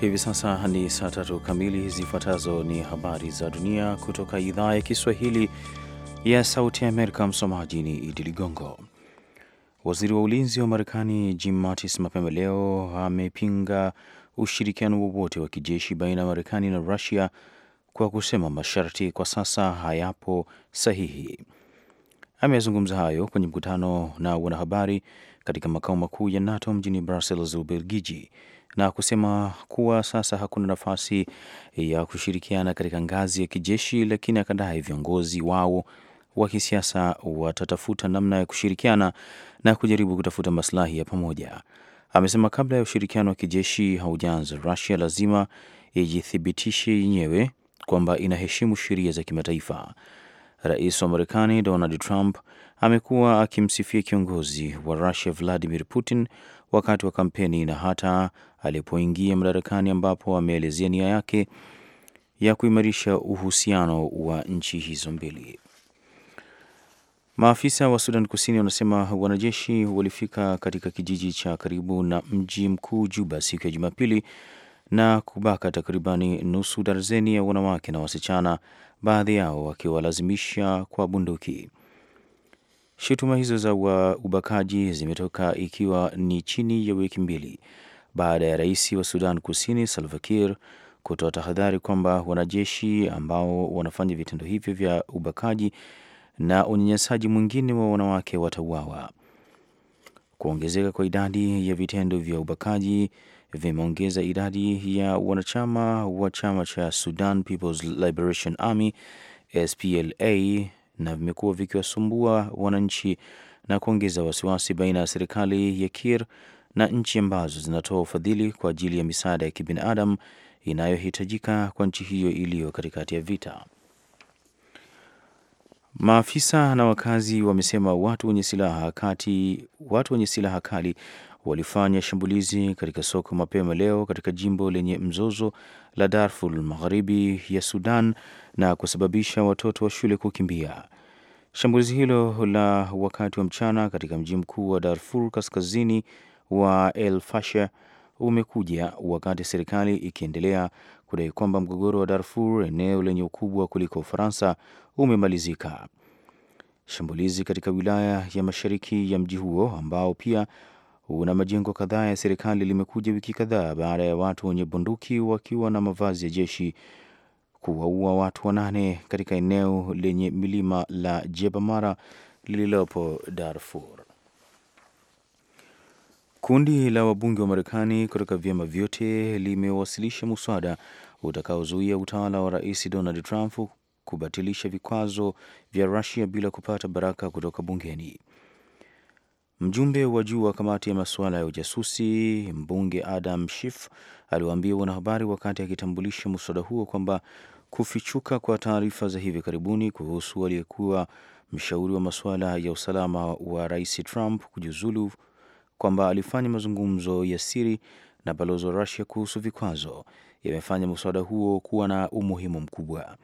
Hivi sasa ni saa tatu kamili. Zifuatazo ni habari za dunia kutoka idhaa ya Kiswahili ya Sauti ya Amerika. Msomaji ni Idi Ligongo. Waziri wa ulinzi wa Marekani Jim Mattis mapema leo amepinga ushirikiano wowote wa kijeshi baina ya Marekani na Rusia kwa kusema masharti kwa sasa hayapo sahihi. amezungumza hayo kwenye mkutano na wanahabari katika makao makuu ya NATO mjini Brussels, Ubelgiji, na kusema kuwa sasa hakuna nafasi ya kushirikiana katika ngazi ya kijeshi, lakini akadai viongozi wao wa kisiasa watatafuta namna ya kushirikiana na kujaribu kutafuta maslahi ya pamoja. Amesema kabla ya ushirikiano wa kijeshi haujaanza, Russia lazima ijithibitishe yenyewe kwamba inaheshimu sheria za kimataifa. Rais wa Marekani Donald Trump amekuwa akimsifia kiongozi wa Russia Vladimir Putin wakati wa kampeni na hata alipoingia madarakani, ambapo ameelezea nia yake ya kuimarisha uhusiano wa nchi hizo mbili. Maafisa wa Sudan Kusini wanasema wanajeshi walifika katika kijiji cha karibu na mji mkuu Juba siku ya Jumapili na kubaka takribani nusu darzeni ya wanawake na wasichana, baadhi yao wakiwalazimisha kwa bunduki. Shutuma hizo za ubakaji zimetoka ikiwa ni chini ya wiki mbili baada ya rais wa Sudan Kusini Salva Kiir kutoa tahadhari kwamba wanajeshi ambao wanafanya vitendo hivyo vya ubakaji na unyanyasaji mwingine wa wanawake watauawa. Kuongezeka kwa idadi ya vitendo vya ubakaji vimeongeza idadi ya wanachama wa chama cha Sudan People's Liberation Army SPLA na vimekuwa vikiwasumbua wananchi na kuongeza wasiwasi baina ya serikali ya Kir na nchi ambazo zinatoa ufadhili kwa ajili ya misaada ya kibinadamu inayohitajika kwa nchi hiyo iliyo katikati ya vita. Maafisa na wakazi wamesema watu wenye silaha kati, watu wenye silaha kali walifanya shambulizi katika soko mapema leo katika jimbo lenye mzozo la Darfur magharibi ya Sudan na kusababisha watoto wa shule kukimbia. Shambulizi hilo la wakati wa mchana katika mji mkuu wa Darfur kaskazini wa El Fasher umekuja wakati serikali ikiendelea kudai kwamba mgogoro wa Darfur, eneo lenye ukubwa kuliko Ufaransa, umemalizika. Shambulizi katika wilaya ya mashariki ya mji huo ambao pia una majengo kadhaa ya serikali limekuja wiki kadhaa baada ya watu wenye bunduki wakiwa na mavazi ya jeshi kuwaua watu wanane katika eneo lenye milima la jebamara lililopo Darfur. Kundi la wabunge wa Marekani kutoka vyama vyote limewasilisha muswada utakaozuia utawala wa Rais Donald Trump kubatilisha vikwazo vya Rusia bila kupata baraka kutoka bungeni. Mjumbe wa juu wa kamati ya masuala ya ujasusi, mbunge Adam Schiff aliwaambia wanahabari wakati akitambulisha muswada huo kwamba kufichuka kwa taarifa za hivi karibuni kuhusu aliyekuwa mshauri wa masuala ya usalama wa Rais Trump kujiuzulu kwamba alifanya mazungumzo ya siri na balozi wa Rusia kuhusu vikwazo yamefanya muswada huo kuwa na umuhimu mkubwa.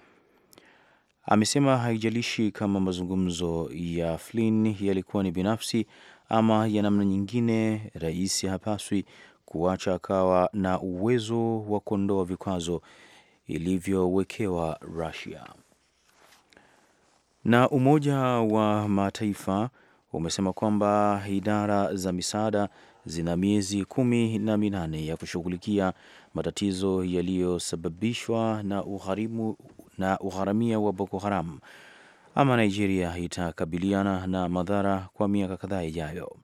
Amesema haijalishi kama mazungumzo ya Flynn yalikuwa ni binafsi ama ya namna nyingine, rais hapaswi kuacha akawa na uwezo wa kuondoa vikwazo ilivyowekewa Russia. Na Umoja wa Mataifa umesema kwamba idara za misaada zina miezi kumi na minane ya kushughulikia matatizo yaliyosababishwa na ugharimu, na ugharamia wa Boko Haram, ama Nigeria itakabiliana na madhara kwa miaka kadhaa ijayo.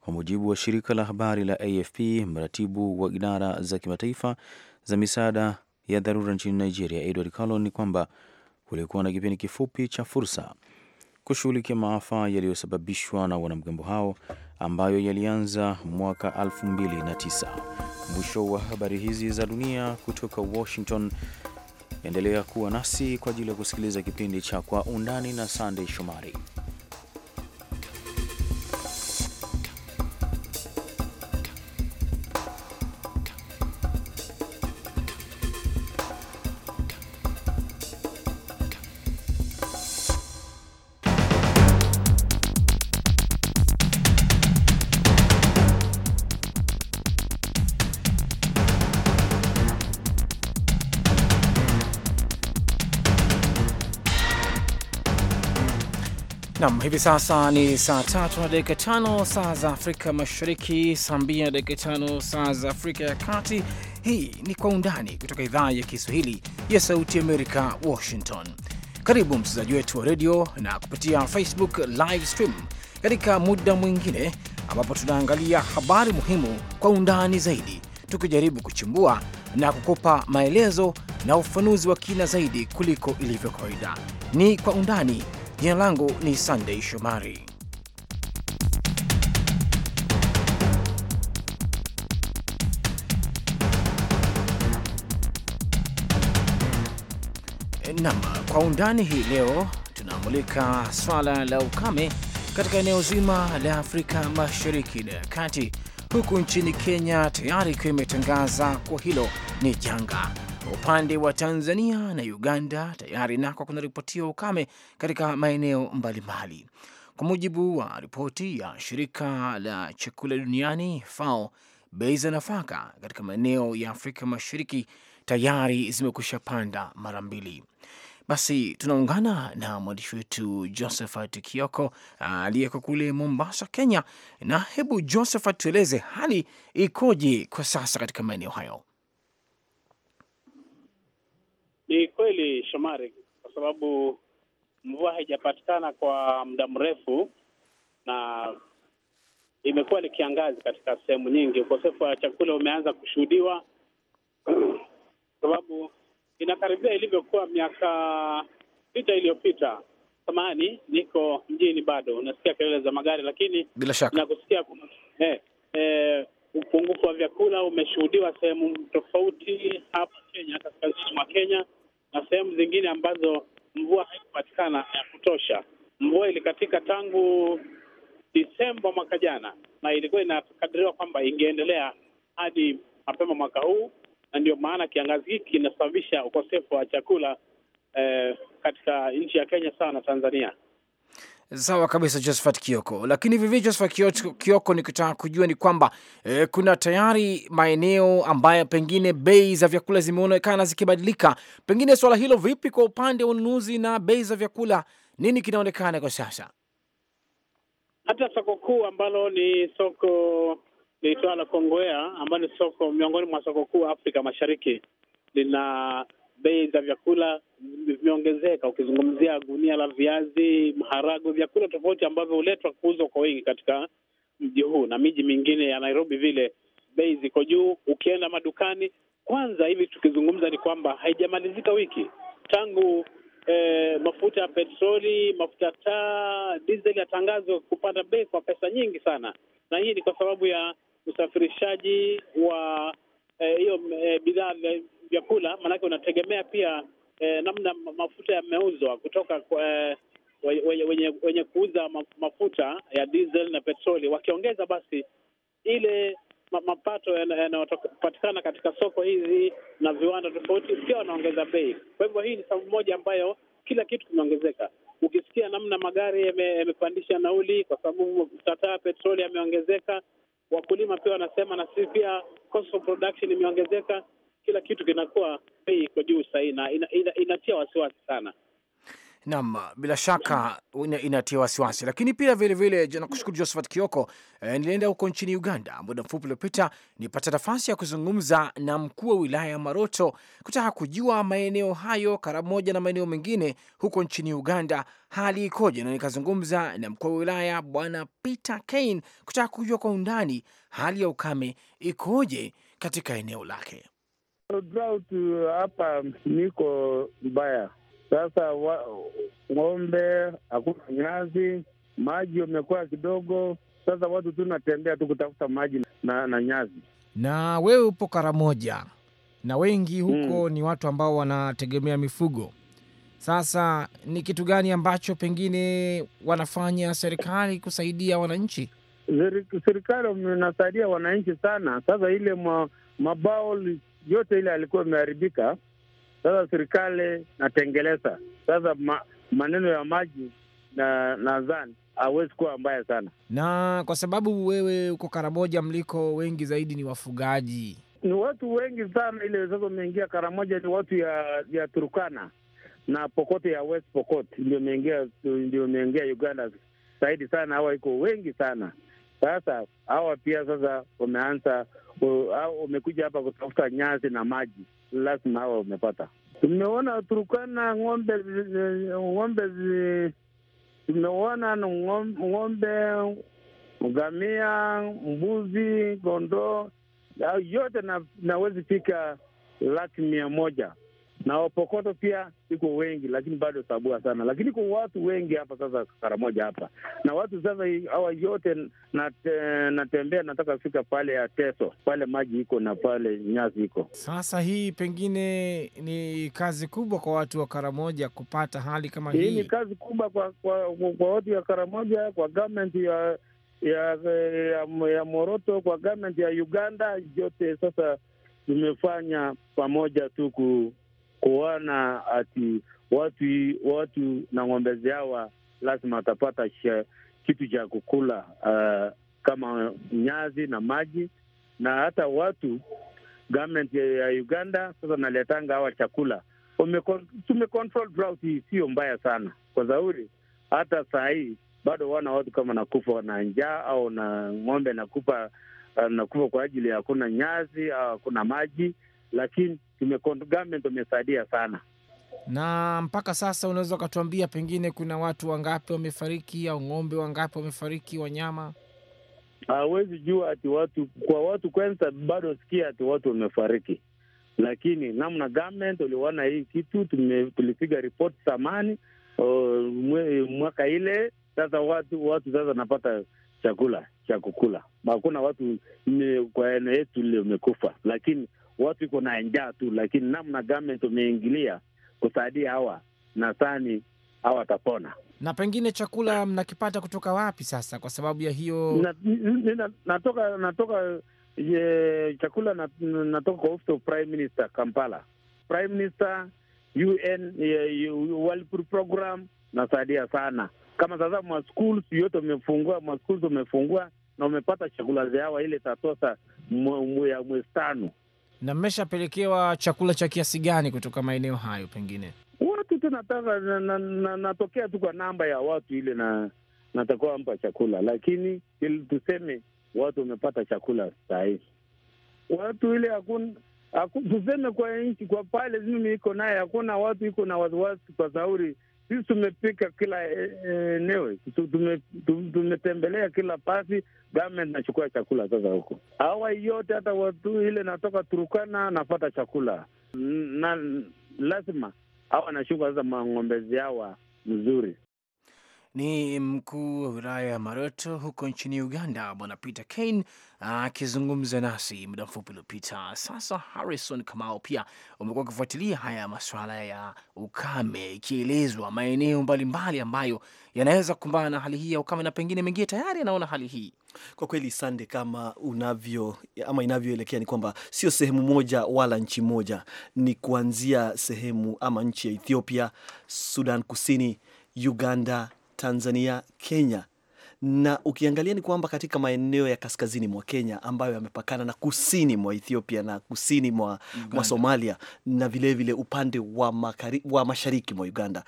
Kwa mujibu wa shirika la habari la AFP, mratibu wa idara za kimataifa za misaada ya dharura nchini Nigeria, Edward Calon, ni kwamba kulikuwa na kipindi kifupi cha fursa kushughulikia maafa yaliyosababishwa na wanamgambo hao ambayo yalianza mwaka 2009. Mwisho wa habari hizi za dunia kutoka Washington. Endelea kuwa nasi kwa ajili ya kusikiliza kipindi cha Kwa Undani na Sandey Shomari. Nam, hivi sasa ni saa tatu na dakika tano saa za Afrika Mashariki, saa mbili na dakika tano saa za Afrika ya Kati. Hii ni Kwa Undani kutoka idhaa ya Kiswahili ya Sauti Amerika, Washington. Karibu msikilizaji wetu wa redio na kupitia Facebook live stream katika muda mwingine, ambapo tunaangalia habari muhimu kwa undani zaidi, tukijaribu kuchimbua na kukupa maelezo na ufafanuzi wa kina zaidi kuliko ilivyo kawaida. Ni Kwa Undani. Jina langu ni sandey Shomari. Nam, kwa undani hii leo tunamulika swala la ukame katika eneo zima la Afrika Mashariki na ya Kati, huku nchini Kenya tayari ikiwa imetangaza kuwa hilo ni janga kwa upande wa Tanzania na Uganda, tayari nako kuna ya ukame katika maeneo mbalimbali. Kwa mujibu wa ripoti ya shirika la chakula duniani FAO, bei za nafaka katika maeneo ya Afrika Mashariki tayari zimekwisha panda mara mbili. Basi tunaungana na mwandishi wetu Josephat Kioko aliyeko kule Mombasa, Kenya. Na hebu Josephat, tueleze hali ikoje kwa sasa katika maeneo hayo? Ni kweli Shomari, kwa sababu mvua haijapatikana kwa muda mrefu na imekuwa ni kiangazi katika sehemu nyingi. Ukosefu wa chakula umeanza kushuhudiwa sababu inakaribia ilivyokuwa miaka sita iliyopita. Samahani, niko mjini bado, unasikia kelele za magari, lakini bila shaka nakusikia eh, eh, Upungufu wa vyakula umeshuhudiwa sehemu tofauti hapa Kenya, kaskazini mwa Kenya na sehemu zingine ambazo mvua haikupatikana ya kutosha. Mvua ilikatika tangu Disemba mwaka jana na ilikuwa inakadiriwa kwamba ingeendelea hadi mapema mwaka huu, na ndio maana kiangazi hiki kinasababisha ukosefu wa chakula eh, katika nchi ya Kenya sawa na Tanzania. Sawa kabisa, Josephat Kioko. Lakini vivi Josephat Kioko, nikitaka kujua ni kwamba e, kuna tayari maeneo ambayo pengine bei za vyakula zimeonekana zikibadilika. Pengine swala hilo vipi kwa upande wa ununuzi na bei za vyakula, nini kinaonekana kwa sasa? Hata soko kuu ambalo ni soko la kongwea ambayo ni soko miongoni mwa soko kuu Afrika Mashariki lina bei za vyakula vimeongezeka. Ukizungumzia gunia la viazi, maharagwe, vyakula tofauti ambavyo huletwa kuuzwa kwa wingi katika mji huu na miji mingine ya Nairobi, vile bei ziko juu. Ukienda madukani kwanza, hivi tukizungumza ni kwamba haijamalizika wiki tangu eh, mafuta ya petroli, mafuta taa, dizeli yatangazwa kupanda bei kwa pesa nyingi sana, na hii ni kwa sababu ya usafirishaji wa Eh, hiyo eh, eh, bidhaa vyakula, maanake unategemea pia eh, namna mafuta yameuzwa kutoka eh, wenye, wenye, wenye kuuza mafuta ya diesel na petroli. Wakiongeza basi ile mapato yanayopatikana katika soko hizi na viwanda tofauti pia wanaongeza bei. Kwa hivyo hii ni sababu moja ambayo kila kitu kimeongezeka. Ukisikia namna magari yamepandisha nauli kwa sababu tataa petroli yameongezeka, wakulima pia wanasema, na sisi pia cost of production imeongezeka, kila kitu kinakuwa bei iko juu sahii, na inatia ina, ina wasiwasi sana. Naam, bila shaka inatia wasiwasi, lakini pia vilevile, nakushukuru Josephat Kioko, eh, nilienda huko nchini Uganda muda mfupi uliopita, nipata nafasi ya kuzungumza na mkuu wa wilaya ya Maroto kutaka kujua maeneo hayo Karamoja na maeneo mengine huko nchini Uganda hali ikoje, na nikazungumza na mkuu wa wilaya Bwana Peter Kane kutaka kujua kwa undani hali ya ukame ikoje katika eneo lake. Drought eh, hapa niko mbaya sasa ng'ombe hakuna nyasi, maji wamekuwa kidogo. Sasa watu tu natembea tu kutafuta maji na, na nyasi. Na wewe upo Karamoja na wengi huko hmm, ni watu ambao wanategemea mifugo. Sasa ni kitu gani ambacho pengine wanafanya serikali kusaidia wananchi? Serikali inasaidia wananchi sana. Sasa ile mabao yote ile alikuwa imeharibika sasa serikali natengeleza sasa ma, maneno ya maji na nadhani hawezi kuwa mbaya sana, na kwa sababu wewe uko Karamoja mliko wengi zaidi ni wafugaji, ni watu wengi sana. Ile sasa umeingia Karamoja ni watu ya ya Turukana na Pokote ya West Pokot ndio imeingia Uganda zaidi sana, hawa iko wengi sana sasa hawa pia sasa wameanza wamekuja hapa kutafuta nyasi na maji, lazima hawa wamepata. Tumeona Turukana ng'ombe ng'ombe, tumeona ng'ombe, ngamia, mbuzi, kondoo, yote nawezi na fika laki mia moja na Wapokoto pia iko wengi, lakini bado tabua sana, lakini kwa watu wengi hapa sasa Karamoja hapa na watu sasa hawa yote nate, natembea nataka kufika pale ya Teso pale maji iko na pale nyasi iko. Sasa hii pengine ni kazi kubwa kwa watu wa Karamoja kupata hali kama hii. Hii ni kazi kubwa kwa, kwa, kwa, kwa watu ya Karamoja kwa government ya ya, ya, ya Moroto kwa government ya Uganda yote sasa tumefanya pamoja tu kuona ati watu watu na ng'ombe zawa lazima watapata kitu cha kukula uh, kama nyazi na maji, na hata watu government ya Uganda sasa naletanga hawa chakula tumecontrol drought hii sio mbaya sana kwa zauri hata saa hii bado wana watu kama nakufa na njaa au na ng'ombe nakufa eh, nakufa kwa ajili ya hakuna nyazi au hakuna maji, lakini government wamesaidia sana. Na mpaka sasa unaweza ukatuambia pengine kuna watu wangapi wamefariki au ng'ombe wangapi wamefariki, wanyama? Hawezi jua ati watu kwa watu, kwanza bado sikia ati watu wamefariki, lakini namna government uliona hii kitu, tulipiga ripoti samani mwaka ile. Sasa watu watu sasa napata chakula cha kukula, hakuna watu kwa eneo yetu mekufa lakini watu iko na njaa tu, lakini namna government umeingilia kusaidia hawa, nadhani hawa watapona. Na pengine chakula mnakipata kutoka wapi sasa, kwa sababu ya hiyo? Na, na, natoka natoka ye, chakula na, natoka kwa office of Prime Minister Kampala, Prime Minister UN ye, World Food Program nasaidia sana kama sasa ma schools yote umefungua, ma schools umefungua na umepata chakula zao ile tatosa ya mwezi tano. Na mmeshapelekewa chakula cha kiasi gani kutoka maeneo hayo? Pengine watu tu nataka na, na, na, natokea tu kwa namba ya watu ile na natakuwa wampa chakula, lakini ili tuseme watu wamepata chakula sahii, watu ile hakuna tuseme kwa nchi kwa pale mimi iko naye, hakuna watu iko na wasiwasi kwa sauri sisi tumepika kila eh, eh, eneo tumetembelea kila pasi, government nachukua chakula sasa huko. awa yote hata watu ile natoka Turukana nafata chakula na lazima awa nashuka sasa mang'ombezi awa mzuri ni mkuu wa wilaya ya Maroto huko nchini Uganda, bwana Peter Kane akizungumza nasi muda mfupi uliopita. Sasa Harrison Kamao, pia umekuwa ukifuatilia haya masuala ya ukame, ikielezwa maeneo mbalimbali ambayo yanaweza kukumbana na hali hii ya ukame na pengine mengine tayari yanaona hali hii. Kwa kweli Sande, kama unavyo ama inavyoelekea ni kwamba sio sehemu moja wala nchi moja, ni kuanzia sehemu ama nchi ya Ethiopia, Sudan Kusini, Uganda Tanzania, Kenya na ukiangalia ni kwamba katika maeneo ya kaskazini mwa Kenya ambayo yamepakana na kusini mwa Ethiopia na kusini mwa, mwa Somalia na vilevile vile upande wa, makari, wa mashariki mwa Uganda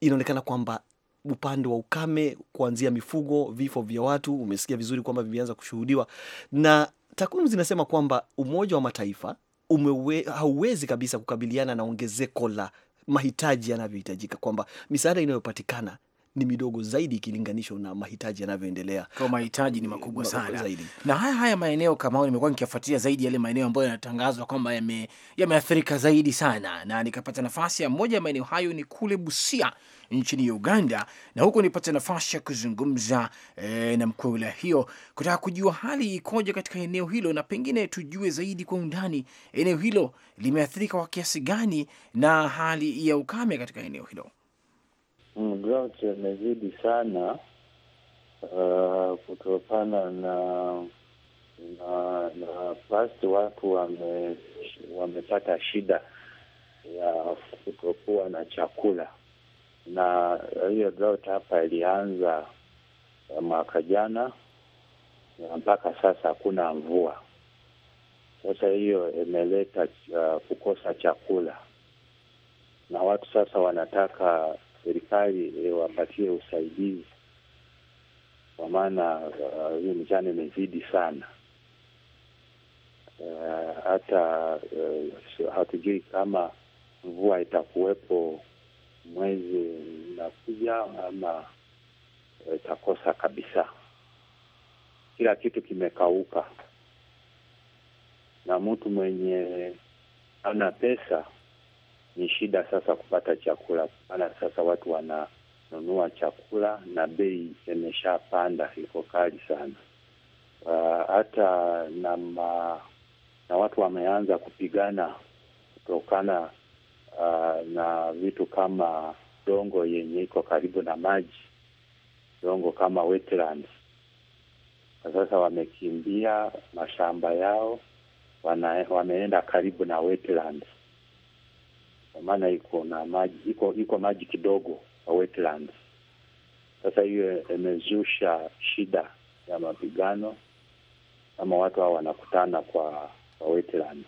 inaonekana kwamba upande wa ukame kuanzia mifugo, vifo vya watu, umesikia vizuri kwamba vimeanza kushuhudiwa, na takwimu zinasema kwamba Umoja wa Mataifa umewe, hauwezi kabisa kukabiliana na ongezeko la mahitaji yanavyohitajika, kwamba misaada inayopatikana ni midogo zaidi ikilinganishwa na mahitaji yanavyoendelea. Kwa mahitaji ni makubwa sana zaidi. Na haya haya maeneo kama nimekuwa nikifuatilia zaidi yale maeneo ambayo yanatangazwa kwamba yameathirika zaidi sana, na nikapata nafasi ya moja ya maeneo hayo ni kule Busia nchini Uganda, na huko nipate nafasi ya kuzungumza e, na mkuu wa wilaya hiyo kutaka kujua hali ikoje katika eneo hilo, na pengine tujue zaidi kwa undani eneo hilo limeathirika kwa kiasi gani na hali ya ukame katika eneo hilo drought imezidi sana uh, kutokana na na na basi watu wame, wamepata shida ya kutokuwa na chakula, na hiyo drought hapa ilianza mwaka jana na mpaka sasa hakuna mvua. Sasa hiyo imeleta uh, kukosa chakula na watu sasa wanataka serikali eh, wapatie usaidizi, kwa maana eh, hiyo uh, mchana imezidi sana eh, hata uh, uh, hatujui kama mvua itakuwepo mwezi unakuja ama itakosa kabisa. Kila kitu kimekauka, na mtu mwenye ana pesa ni shida sasa kupata chakula, maana sasa watu wananunua chakula na bei imeshapanda, iko kali sana. Uh, hata na ma, na watu wameanza kupigana kutokana uh, na vitu kama dongo yenye iko karibu na maji, dongo kama Na Sasa wamekimbia mashamba yao wana, wameenda karibu na wetland kwa maana iko na maji, iko iko maji kidogo kwa wetlands. Sasa hiyo imezusha shida ya mapigano ama watu hao wanakutana kwa kwa wetland.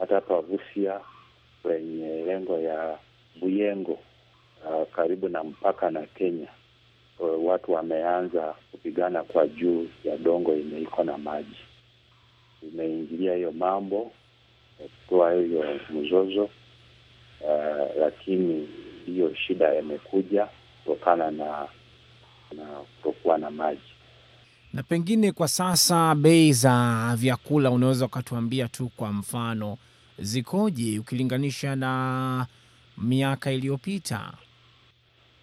hata hapa vusia kwenye lengo ya Buyengo, uh, karibu na mpaka na Kenya, uh, watu wameanza kupigana kwa juu ya dongo yenye iko na maji. Imeingilia hiyo mambo kutoa hiyo mzozo uh, lakini hiyo shida yamekuja kutokana na na kutokuwa na maji. Na pengine kwa sasa bei za vyakula, unaweza ukatuambia tu kwa mfano zikoje ukilinganisha na miaka iliyopita?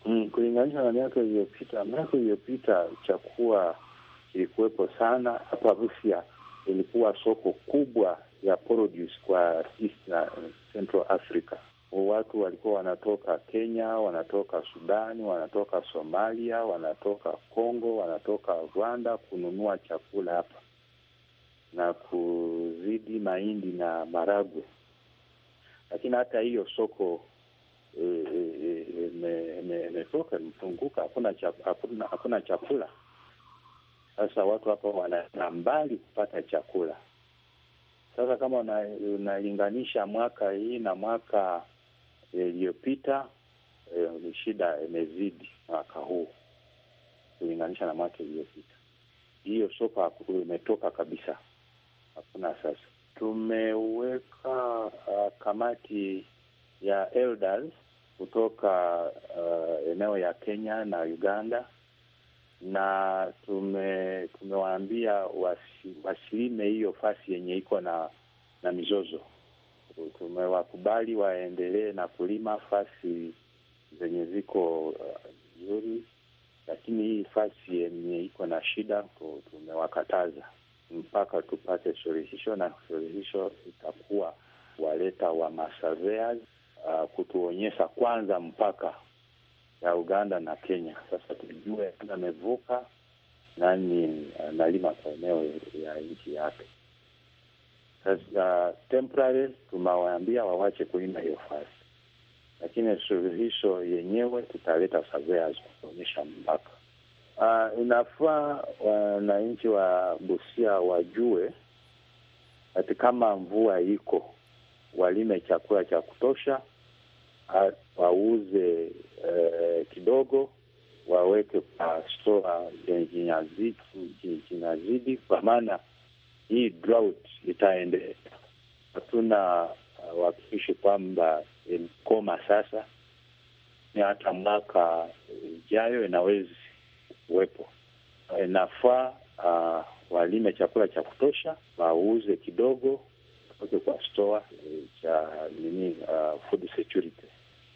Mm, kulinganisha na miaka iliyopita, miaka iliyopita chakula ilikuwepo sana hapa Rusia, ilikuwa soko kubwa ya produce kwa East na Central Africa watu walikuwa wanatoka Kenya, wanatoka Sudani, wanatoka Somalia, wanatoka Kongo, wanatoka Rwanda kununua chakula hapa na kuzidi mahindi na maragwe. Lakini hata hiyo soko imetoka, e, e, e imefunguka, hakuna hakuna hakuna chakula. Sasa watu hapa wanaenda mbali kupata chakula. Sasa kama unalinganisha una mwaka hii na mwaka iliyopita e, shida imezidi mwaka huu kulinganisha na mwaka iliyopita. Hiyo sopa imetoka kabisa, hakuna sasa. Tumeweka uh, kamati ya elders kutoka uh, eneo ya Kenya na Uganda na tume- tumewaambia wasilime hiyo fasi yenye iko na na mizozo tumewakubali waendelee na kulima fasi zenye ziko uh, nzuri, uh, lakini hii fasi yenye iko na shida tumewakataza mpaka tupate suluhisho, na suluhisho itakuwa waleta wa masavea uh, kutuonyesha kwanza mpaka ya Uganda na Kenya, sasa tujue amevuka nani analima kwa eneo ya nchi yake. Sasa uh, temporary tunawaambia wawache kuimba hiyo fasi, lakini suluhisho yenyewe tutaleta surveyors kuonyesha mpaka. Uh, inafaa wananchi wa Busia wajue ati kama mvua iko, walime chakula cha kutosha, wauze eh, kidogo waweke kwa stoa jinazidi kwa maana hii drought itaendelea. Hatuna uh, kwamba ilikoma sasa, ni hata mwaka ijayo inawezi kuwepo. Inafaa uh, walime chakula cha kutosha, wauze kidogo toke kwa stoa eh, cha nini, uh, food security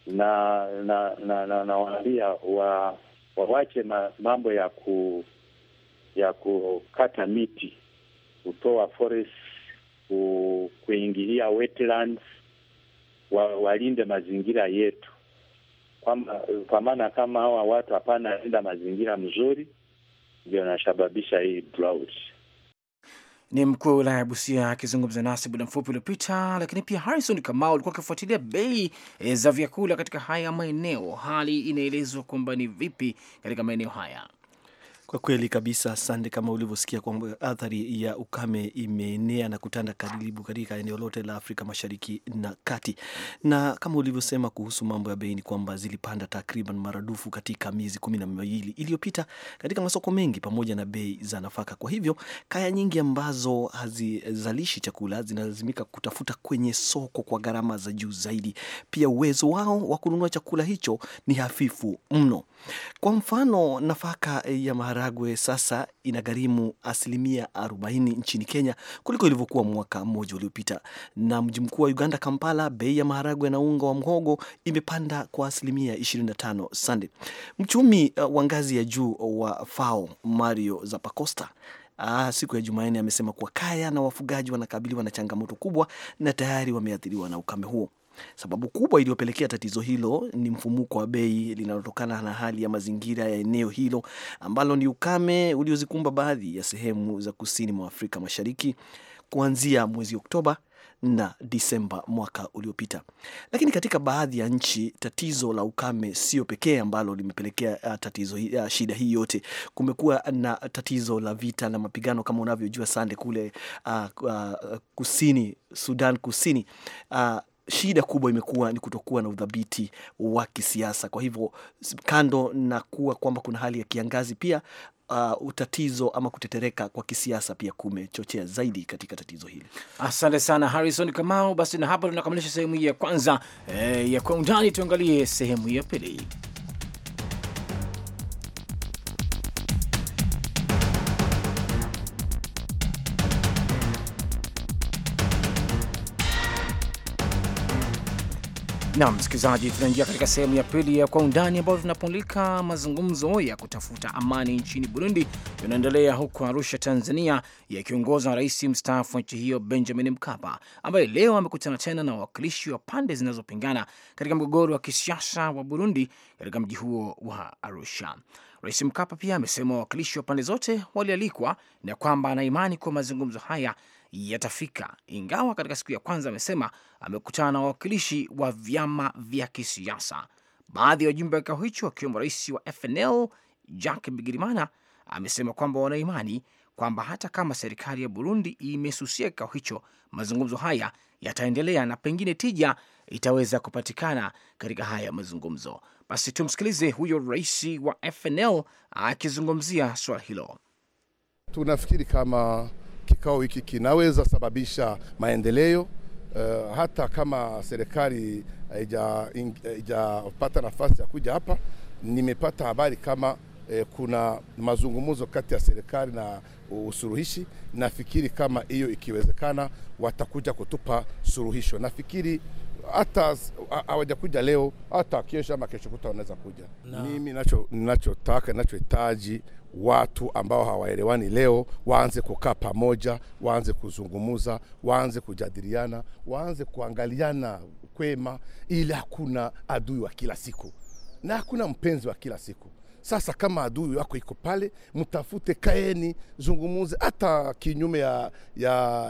na na na, na, na wa wawache mambo ya ku ya kukata miti kutoa forest, kuingilia wetlands, wa, walinde mazingira yetu, kwa maana kama hawa watu hapana linda mazingira mzuri, ndio anasababisha hii drought. Ni mkuu wa wilaya ya Busia akizungumza nasi muda mfupi uliopita. Lakini pia Harrison Kamau alikuwa akifuatilia bei e, za vyakula katika haya maeneo. Hali inaelezwa kwamba ni vipi katika maeneo haya? Kwa kweli kabisa, Sande, kama ulivyosikia kwamba athari ya ukame imeenea na kutanda karibu katika eneo lote la Afrika Mashariki na Kati, na kama ulivyosema kuhusu mambo ya bei ni kwamba zilipanda takriban maradufu katika miezi kumi na miwili iliyopita katika masoko mengi, pamoja na bei za nafaka. Kwa hivyo kaya nyingi ambazo hazizalishi chakula zinalazimika kutafuta kwenye soko kwa gharama za juu zaidi. Pia uwezo wao wa kununua chakula hicho ni hafifu mno. Kwa mfano, nafaka eh, ya maharagwe sasa inagharimu asilimia 40 nchini Kenya kuliko ilivyokuwa mwaka mmoja uliopita. Na mji mkuu wa Uganda, Kampala, bei ya maharagwe na unga wa mhogo imepanda kwa asilimia 25. Sande, mchumi eh, wa ngazi ya juu wa FAO Mario Zapacosta Aa, ah, siku ya Jumanne amesema kuwa kaya na wafugaji wanakabiliwa na changamoto kubwa na tayari wameathiriwa na ukame huo. Sababu kubwa iliyopelekea tatizo hilo ni mfumuko wa bei linalotokana na hali ya mazingira ya eneo hilo ambalo ni ukame uliozikumba baadhi ya sehemu za kusini mwa Afrika Mashariki kuanzia mwezi Oktoba na Disemba mwaka uliopita. Lakini katika baadhi ya nchi tatizo la ukame sio pekee ambalo limepelekea uh, tatizo uh, shida hii yote. Kumekuwa na tatizo la vita na mapigano kama unavyojua Sande kule uh, uh, kusini Sudan Kusini uh, shida kubwa imekuwa ni kutokuwa na udhabiti wa kisiasa. Kwa hivyo kando na kuwa kwamba kuna hali ya kiangazi pia Uh, utatizo ama kutetereka kwa kisiasa pia kumechochea zaidi katika tatizo hili. Asante sana Harrison Kamau. Basi na hapa tunakamilisha sehemu hii ya kwanza eh, ya kwa undani. Tuangalie sehemu ya pili. na msikilizaji, tunaingia katika sehemu ya pili ya Kwa Undani, ambayo tunapulika mazungumzo ya kutafuta amani nchini Burundi yanaendelea huko Arusha, Tanzania, yakiongozwa na rais mstaafu wa nchi hiyo Benjamin Mkapa, ambaye leo amekutana tena na wawakilishi wa pande zinazopingana katika mgogoro wa kisiasa wa Burundi katika mji huo wa Arusha. Rais Mkapa pia amesema wawakilishi wa pande zote walialikwa na kwamba ana imani kuwa mazungumzo haya yatafika, ingawa katika siku ya kwanza amesema amekutana na wawakilishi wa vyama vya kisiasa. Baadhi ya wajumbe wa kikao hicho wakiwemo rais wa FNL Jack Bigirimana amesema kwamba wanaimani kwamba hata kama serikali ya Burundi imesusia kikao hicho, mazungumzo haya yataendelea na pengine tija itaweza kupatikana katika haya mazungumzo. Basi tumsikilize huyo rais wa FNL akizungumzia swala hilo. Tunafikiri kama kikao hiki kinaweza sababisha maendeleo uh, hata kama serikali haijapata nafasi ya kuja hapa. Nimepata habari kama eh, kuna mazungumzo kati ya serikali na usuluhishi. Nafikiri kama hiyo ikiwezekana, watakuja kutupa suluhisho. Nafikiri hata hawajakuja leo, hata kesho ama kesho kuta wanaweza kuja no. Mimi ninachotaka ninachohitaji watu ambao hawaelewani leo waanze kukaa pamoja, waanze kuzungumuza, waanze kujadiliana, waanze kuangaliana kwema, ili hakuna adui wa kila siku na hakuna mpenzi wa kila siku. Sasa kama adui wako iko pale, mtafute, kaeni, zungumuze, hata kinyume ya, ya,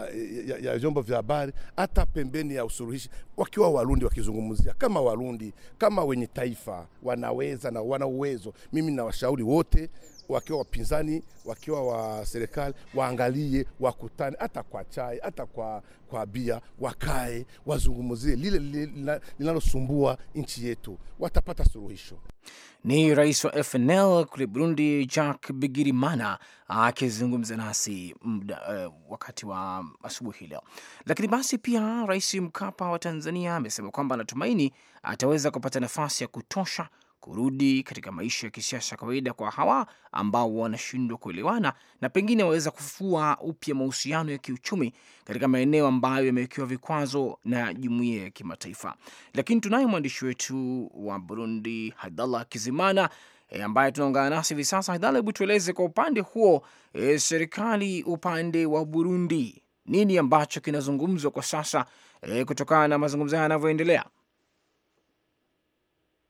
ya, vyombo vya habari, hata pembeni ya usuluhishi, wakiwa Warundi wakizungumzia kama Warundi, kama wenye taifa wanaweza na wana uwezo. Mimi nawashauri wote wakiwa wapinzani, wakiwa wa serikali, waangalie, wakutane, hata kwa chai, hata kwa, kwa bia, wakae wazungumzie lile linalosumbua nchi yetu, watapata suluhisho. Ni rais wa FNL kule Burundi, Jack Bigirimana akizungumza nasi mda, uh, eh, wakati wa asubuhi leo. Lakini basi pia Rais Mkapa wa Tanzania amesema kwamba anatumaini ataweza kupata nafasi ya kutosha kurudi katika maisha ya kisiasa kawaida kwa hawa ambao wanashindwa kuelewana na pengine waweza kufua upya mahusiano ya kiuchumi katika maeneo ambayo yamewekewa vikwazo na jumuiya ya kimataifa. Lakini tunaye mwandishi wetu wa Burundi, Haidallah Kizimana e, ambaye tunaungana nasi hivi sasa. Haidallah, hebu tueleze kwa upande huo, e, serikali upande wa Burundi, nini ambacho kinazungumzwa kwa sasa e, kutokana na mazungumzo haya yanavyoendelea?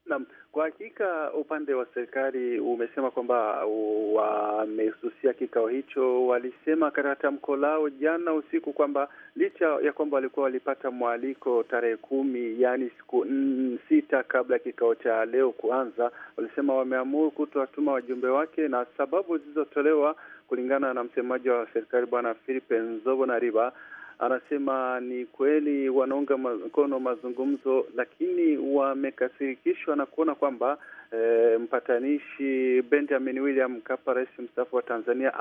Naam. Kwa hakika upande wa serikali umesema kwamba wamesusia kikao hicho. Walisema katika tamko lao jana usiku kwamba licha ya kwamba walikuwa walipata mwaliko tarehe kumi, yaani siku mm, sita kabla ya kikao cha leo kuanza, walisema wameamua kutowatuma wajumbe wake na sababu zilizotolewa kulingana na msemaji wa serikali Bwana Philip Nzobo Nariba anasema ni kweli wanaunga mkono mazungumzo, lakini wamekasirikishwa na kuona kwamba e, mpatanishi Benjamin William Mkapa, rais mstaafu wa Tanzania,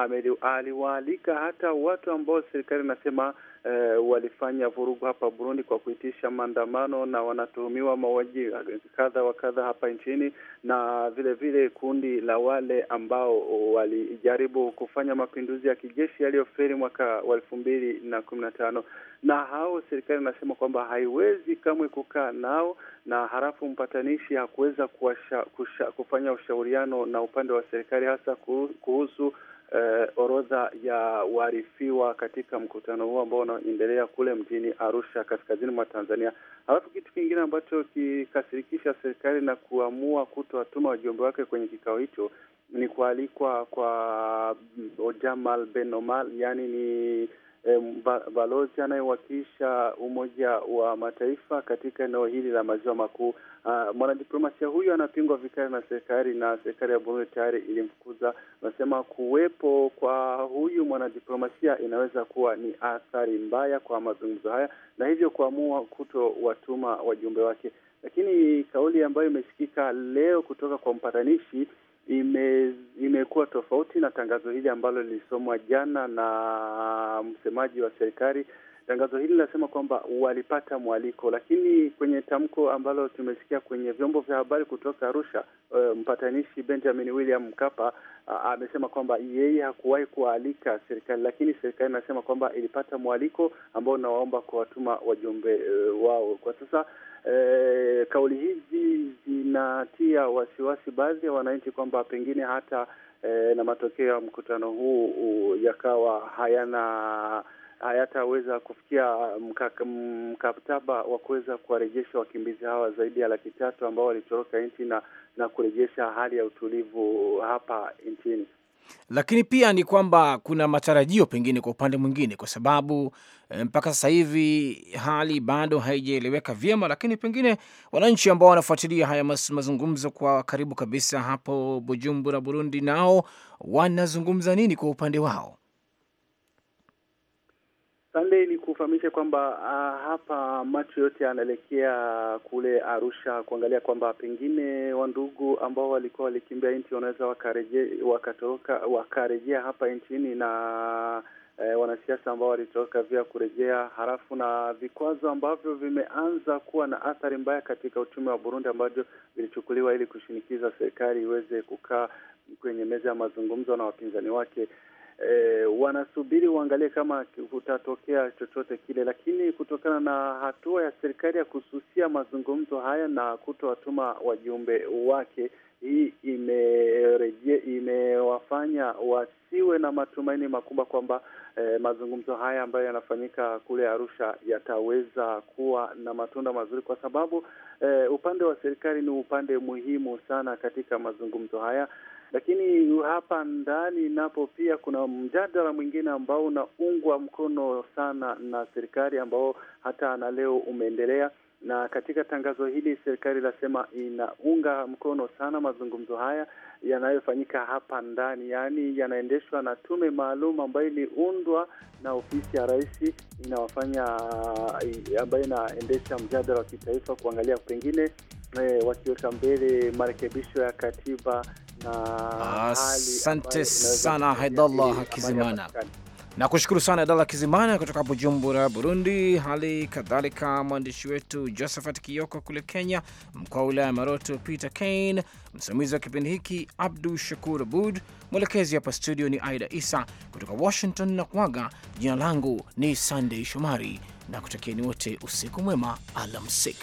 aliwaalika hata watu ambao serikali inasema e, walifanya vurugu hapa Burundi kwa kuitisha maandamano na wanatuhumiwa mauaji kadha wa kadha hapa nchini, na vilevile vile kundi la wale ambao walijaribu kufanya mapinduzi ya kijeshi yaliyoferi mwaka wa elfu mbili na kumi na tano na hao serikali inasema kwamba haiwezi kamwe kukaa nao na halafu mpatanishi hakuweza kufanya ushauriano na upande wa serikali hasa kuhusu Uh, orodha ya waarifiwa katika mkutano huo ambao unaendelea kule mjini Arusha kaskazini mwa Tanzania. Halafu kitu kingine ambacho kikasirikisha serikali na kuamua kutowatuma wajumbe wake kwenye kikao hicho ni kualikwa kwa Ojamal Benomal, yani ni e, balozi anayewakilisha Umoja wa Mataifa katika eneo hili la maziwa makuu. Ah, mwanadiplomasia huyu anapingwa vikali na serikali na serikali ya Burundi tayari ilimfukuza. Anasema kuwepo kwa huyu mwanadiplomasia inaweza kuwa ni athari mbaya kwa mazungumzo haya, na hivyo kuamua kuto watuma wajumbe wake. Lakini kauli ambayo imesikika leo kutoka kwa mpatanishi ime, imekuwa tofauti na tangazo hili ambalo lilisomwa jana na msemaji wa serikali Tangazo hili linasema kwamba walipata mwaliko, lakini kwenye tamko ambalo tumesikia kwenye vyombo vya habari kutoka Arusha, uh, mpatanishi Benjamin William Mkapa uh, amesema kwamba yeye hakuwahi kuwaalika serikali, lakini serikali inasema kwamba ilipata mwaliko ambao unawaomba kuwatuma wajumbe uh, wao. Kwa sasa E, kauli hizi zinatia wasiwasi baadhi ya wananchi kwamba pengine hata e, na matokeo ya mkutano huu yakawa hayana hayataweza kufikia uh, mkataba wa kuweza kuwarejesha wakimbizi hawa zaidi ya laki tatu ambao walitoroka nchi na, na kurejesha hali ya utulivu hapa nchini. Lakini pia ni kwamba kuna matarajio pengine kwa upande mwingine, kwa sababu eh, mpaka sasa hivi hali bado haijaeleweka vyema, lakini pengine wananchi ambao wanafuatilia haya mazungumzo kwa karibu kabisa hapo Bujumbura, Burundi, nao wanazungumza nini kwa upande wao? Sande, ni kufahamisha kwamba uh, hapa macho yote yanaelekea kule Arusha kuangalia kwamba pengine wandugu ambao walikuwa walikimbia nchi wanaweza wakatoroka wakarejea hapa nchini na E, wanasiasa ambao walitoroka via kurejea, halafu na vikwazo ambavyo vimeanza kuwa na athari mbaya katika uchumi wa Burundi ambavyo vilichukuliwa ili kushinikiza serikali iweze kukaa kwenye meza ya mazungumzo na wapinzani wake e, wanasubiri uangalie kama kutatokea chochote kile, lakini kutokana na hatua ya serikali ya kususia mazungumzo haya na kutowatuma wajumbe wake, hii imewafanya ime wasiwe na matumaini makubwa kwamba E, mazungumzo haya ambayo yanafanyika kule Arusha yataweza kuwa na matunda mazuri kwa sababu e, upande wa serikali ni upande muhimu sana katika mazungumzo haya lakini hapa ndani napo pia kuna mjadala mwingine ambao unaungwa mkono sana na serikali ambao hata na leo umeendelea na katika tangazo hili serikali inasema inaunga mkono sana mazungumzo haya yanayofanyika hapa ndani, yaani yanaendeshwa na tume maalum ambayo iliundwa na ofisi ya rais inawafanya ambayo inaendesha mjadala wa kitaifa kuangalia pengine eh, wakiweka mbele marekebisho ya katiba asante sana Haidallah Kizimana. Nakushukuru sana Abdallah Kizimana kutoka Bujumbura, Burundi. Hali kadhalika mwandishi wetu Josephat Kioko kule Kenya, mkoa wa wilaya ya Maroto, Peter Kane. Msimamizi wa kipindi hiki Abdu Shakur Abud, mwelekezi hapa studio ni Aida Isa kutoka Washington na kwaga. Jina langu ni Sandey Shomari na kutakieni wote usiku mwema, alamsik.